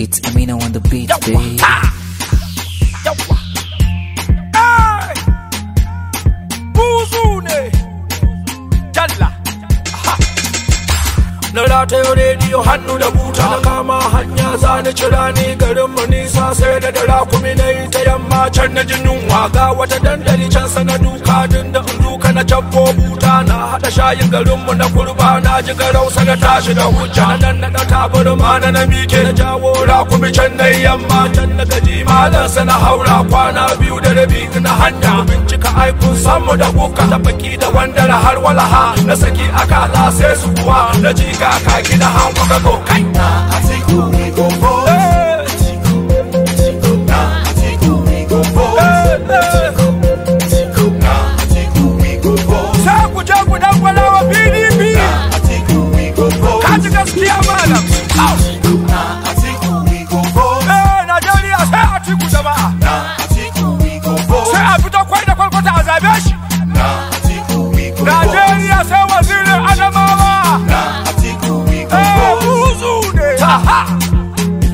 It's Amino on the beat, babe. Na ratayo rediyo hannu da buta na kama hanya za ni cira ni garin mu nisa sai da dara kuma na yi ta yamma can na jinin waga wata dandali can na duka din da in duka na can haɗa shayin garinmu na kurba na ji garau sana tashi da hujja nan na tabar ma na na mike na jawo rakumi can na yamma can na gaji malan sana haura kwana biyu da rabi na hanya bincika aikun samu da kuka da baki da wanda har walaha na saki akala sai su kuwa na ji kaki na hawa ka kai Atiku jamaa, na Atiku we go go. Say I put up quite a